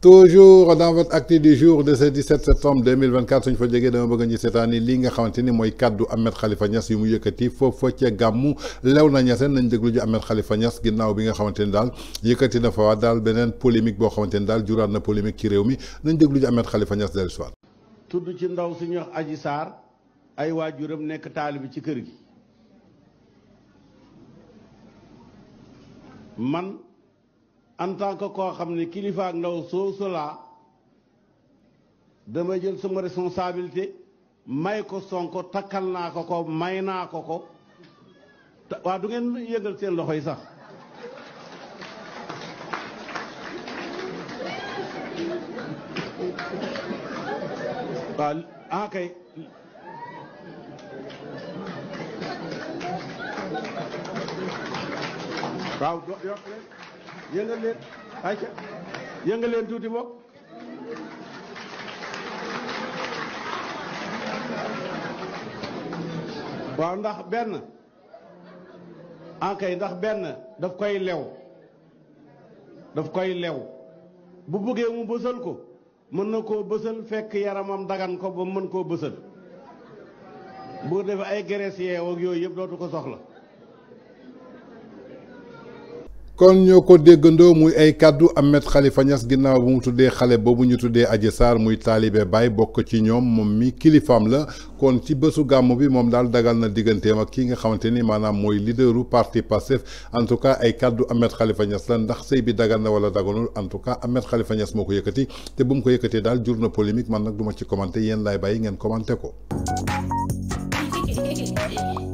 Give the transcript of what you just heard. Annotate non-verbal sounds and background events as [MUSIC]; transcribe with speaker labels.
Speaker 1: toujours dans votre acte du jour de ce 17 septembre 2024 suñ fa jógee dama bëgg ñu seetaani li nga xamante ni mooy kaddu Ahmed Khalifa Niass yu mu yëkkati foofa ca gàmmu lew na ñaseen nañ déglu ji Ahmed Khalifa ginnaaw bi nga xamante ni daal yëkkati na fa daal beneen polémique boo xamante ni daal juraat na polémique ci réew mi nañ déglu ji Ahmed Khalifa Niass dellu si waat
Speaker 2: tudd ci ndaw suñu wax Adji ay waajuram nekk taalibi ci kër gi man en tant ko xam ne kilifa ndaw soosu laa dama jël sama responsabilité may ko Sonko takkal naa ko ko may naa ko ko waa du ngeen yëngal seen loxoy yi sax waaw ah waaw do yokk tuuti bokk waaw ndax benn ankay ah, ndax benn daf koy lew daf koy lew bu bëggee mu bësal ko mën na koo bësal fekk yaramam dagan ko ba mën koo bësal bu defee ay graisse yeew ak yooyu yëpp dootu ko soxla
Speaker 1: kon ñoo ko déggandoo muy ay kàddu Ahmed Khalifa Niass ginnaaw bu mu tuddee xale boobu ñu tuddee Adji Sarr muy taalibe baay bokk ci ñoom moom mi kilifaam la kon ci bésu gàmm bi moom daal dagal na digganteem ak kii nga xamante ni maanaam mooy leaderu parti Pastef en tout cas ay kàddu Ahmed Khalifa Niass la ndax sëy bi dagal na wala daganul en tout cas Ahmed Khalifa Niass moo ko yëkkati te bu mu ko yëkkatee daal jur na polémique man nag duma ma ci commenté yéen laay bàyyi ngeen ko.
Speaker 2: [LAUGHS]